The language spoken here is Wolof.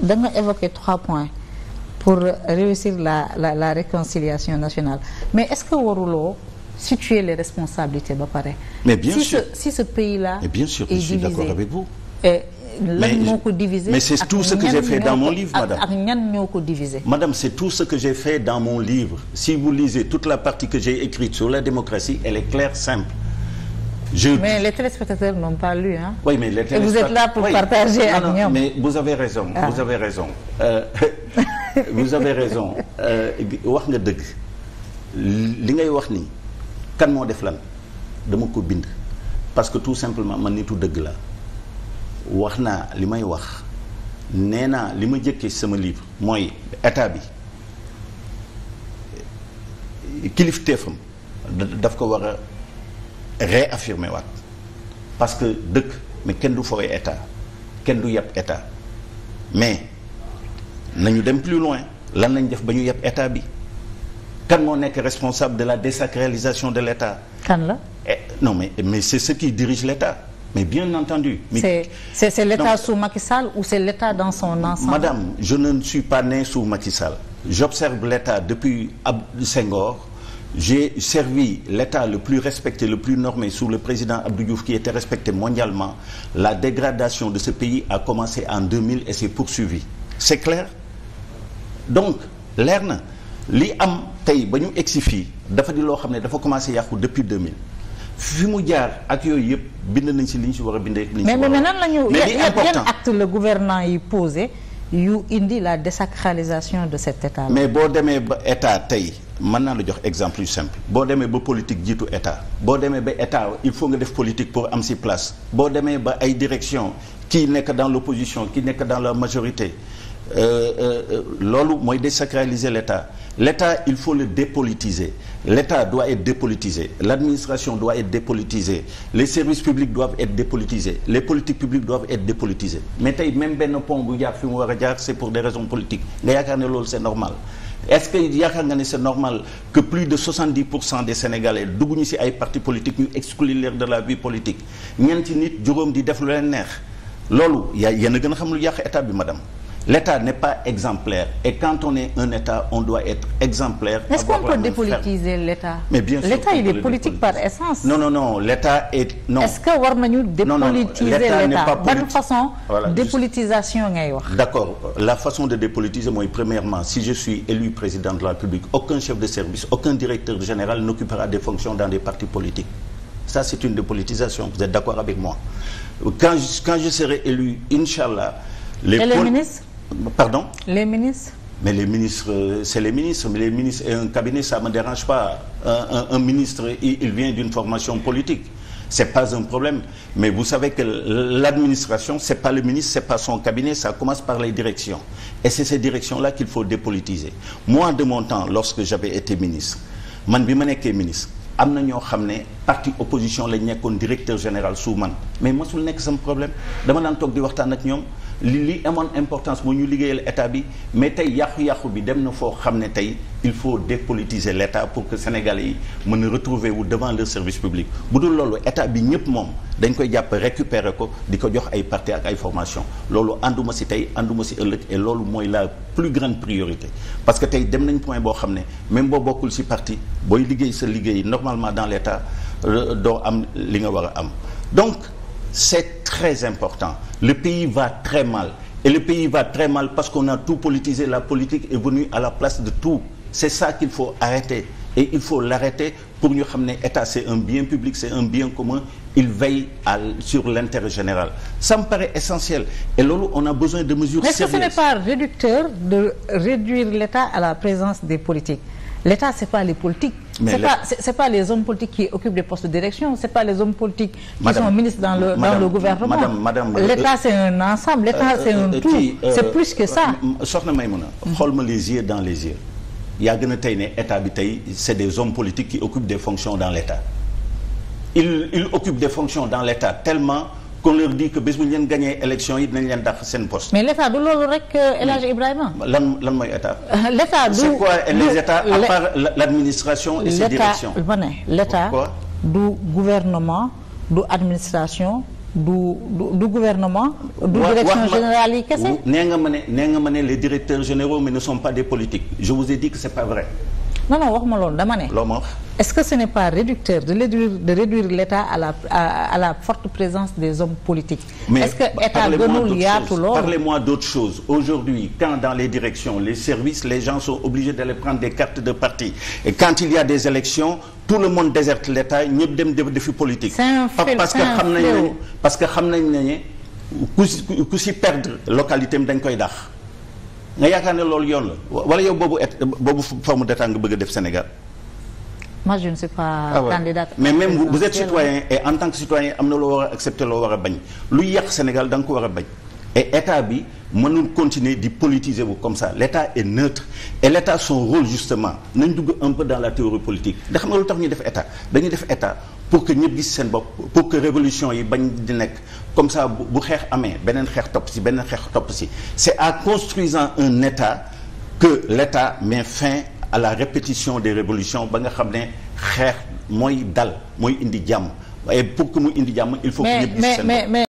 da nga évoqué trois points pour réussir la la la réconciliation nationale mais est-ce que waruloo situer les responsabilités ba pare. mais bien si sûr ce, si ce pays-là. mais bien sûr je suis d'accord avec vous. et lan ko diviser mais c'est tout ce que j'ai fait dans c'est tout ce que j'ai fait dans mon livre si vous lisez toute la partie que j'ai écrite sur la démocratie elle est claire simple. je mais les téléspectateurs n'ont pas lu hein. oui mais les téléspectateurs et vous êtes là pour oui. partager ak ñoom mais vous avez raison. Ah. vous avez raison euh, vous avez raison euh, wax nga dëgg li ngay wax ni kan moo def lan dama ko bind. parce que tout simplement man nitu dëgg la wax naa li may wax nee naa li ma jëkkee sama livre mooy état bi. kilifteefam daf ko war a réaffirmer waat parce que dëkk mais kenn du fooy état kenn du yàpp état mais nañu dem plus loin lan nañu def ba ñu yàpp état bi kan moo nekk responsable de la désacralisation de l'état kan la eh, non mais mais c'est ce qui dirige l'état mais bien entendu c'est c'est l'état sous Macky Sall ou c'est l'état dans son ensemble madame je ne suis pas né sous Macky Sall j'observe l'état depuis Ab Senghor j'ai servi l'État le plus respecté, le plus normé sous le président Abdou Diouf qui était respecté mondialement. La dégradation de ce pays a commencé en 2000 et s'est poursuivie. C'est clair donc leer na li am tey ba ñu egsi fii dafa di loo xam ne dafa commencé yàqu depuis 2000 fi mu jaar ak yooyu yëpp bind nañ si li ñu si war a bindee. li ñu si war a mais mais nan la ñu yan acte le gouvernement yi posé yu indi la désacralisation de a état. mais boo demee ba état tey. mën naa la jox exemple yu boo demee ba politique jiitu état boo demee ba état il faut nga def politique pour am si place boo demee ba ay direction kii nekk dans l'opposition kii nekk dans la majorité euh, euh, loolu mooy désacraliser l'état l'état il faut le dépolitiser l'état doit être dépolitisé l'administration doit être dépolitisée les services publics doivent être dépolitisés les politiques publiques doivent être dépolitisées mais tey même benn pont bu jaar fi mu war a jaar c'est pour des raisons nga yaakaar ne loolu c'est normal est-ce que yaakaar nga ne c'est normal que plus de 70 pour cent des sénégalais dugg ñu ci ay partis politiques ñu exclure leen de la vie politique ñeenti nit juróom di def lu leen neex loolu yaay yéen a gën a xam lu yàq état bi madame. L'État n'est pas exemplaire. Et quand on est un État, on doit être exemplaire. Est-ce qu'on peut dépolitiser l'État Mais bien L'État, est politique par essence. Non, non, non. L'État est. Non. Est-ce que Warmanu dépolitiser l'État De toute façon, D'accord. La façon de dépolitiser, moi, premièrement, si je suis élu président de la République, aucun chef de service, aucun directeur général n'occupera des fonctions dans des partis politiques. Ça, c'est une dépolitisation. Vous êtes d'accord avec moi Quand je, serai élu, Inch'Allah. Les Et les pardon les ministres mais les ministres c'est les ministres mais les ministres et un cabinet ça me dérange pas un, ministre il, vient d'une formation politique c'est pas un problème mais vous savez que l'administration c'est pas le ministre c'est pas son cabinet ça commence par les directions et c'est ces directions-là qu'il faut dépolitiser moi de mon temps lorsque j'avais été ministre man bi ma nekkee ministre am na ñoo xam ne parti opposition lañ nekkoon directeur général sous man mais mosul nekk sama problème dama daan toog di waxtaan ak ñoom li li amoon importance moo ñu liggéeyal état bi mais tey yàqu-yàqu bi dem na foo xam ne tey il faut dépolitiser l' état pour que sénégalais yi mën a retrouver wu devant le service public bu dul loolu état bi ñëpp moom dañ koy jàpp récupérer ko di ko jox ay parti ak ay formation loolu ànduma si tey ànduma si ëllëg e loolu mooy la plus grande priorité parce que tey dem nañ point boo xam ne même boo bokkul si parti booy liggéey sa liggéey normalement dans l' état euh, doo am li nga war a am donc c' est important Le pays va très mal. Et le pays va très mal parce qu'on a tout politisé. La politique est venue à la place de tout. C'est ça qu'il faut arrêter. Et il faut l'arrêter pour ñu xam ne état c'est un bien public c'est un bien commun il veille à sur l'intérêt général ça me paraît essentiel et loolu on a besoin de mesures sérieuses. Mais est-ce que ce n'est pas réducteur de réduire l'état à la présence des politiques L'État, ce n'est pas les politiques. Ce n'est pas, pas, les hommes politiques qui occupent des postes de direction, ce n'est pas les hommes politiques qui madame, dans le, madame, dans le gouvernement. Euh, L'État, c'est un ensemble, l'État, euh, c'est un euh, tout. Euh, c'est plus que ça. Euh, Soxna Maïmouna, regarde-moi mhm. les yeux dans les yeux. Il y a l'État, c'est des hommes politiques qui occupent des fonctions dans l'État. Ils, ils de des fonctions dans l'État tellement qu'on leur dit que bés bu ñu leen gagné élection yi dinañ leen dàq seen poste. mais l' état du loolu rek euh, El Hadj Ibrahima. lan lan mooy état. l' du les états à part l' administration et ses directions. ma ne l' état du gouvernement du administration. du du gouvernement. du direction générale yi kese. nee nga ma ne nee nga ma ne les directeurs généraux mais ne sont pas des politiques je vous ai dit que c'est pas vrai. non non wax ma loolu dama ne. loo est-ce que ce n'est pas réducteur de réduire l'État à la à, forte présence des hommes politiques. mais est-ce que État gënul yaatu loolu parlez-moi d'autre chose aujourd'hui quand dans les directions les services les gens sont obligés d'aller prendre des cartes de parti et quand il y a des élections tout le monde déserte l'État ñëpp dem defi politique. parce que xam nañ ne que ne ku si ku si perdre localité am dañ koy dàq. nga yaakaar ne loolu yoon la wala yow boobu et boobu forme d'État nga bëgg a def Sénégal. moi je ne suis pas. Ah ouais. candidate mais même vous, vous êtes citoyen et en tant que citoyen am na loo war a accepter loo war a bañ lu yàq Sénégal da nga ko war a bañ et état bi mënul continuer di politiser bu comme ça l' état est neutre et l' état son rôle justement nañ dugg un peu dans la théorie politique da xam nga lu tax ñuy def état dañuy def état pour que ñëpp gis seen bopp pour que révolution yi bañ di nekk comme ça bu xeex amee beneen xeex topp si beneen xeex topp si c' est en construisant un état que l' état met fin à la répétition des révolutions ba nga xam ne xeex mooy dal mooy indi jàmm waaye pour que mu indi jàmm il faut que ñëpp gis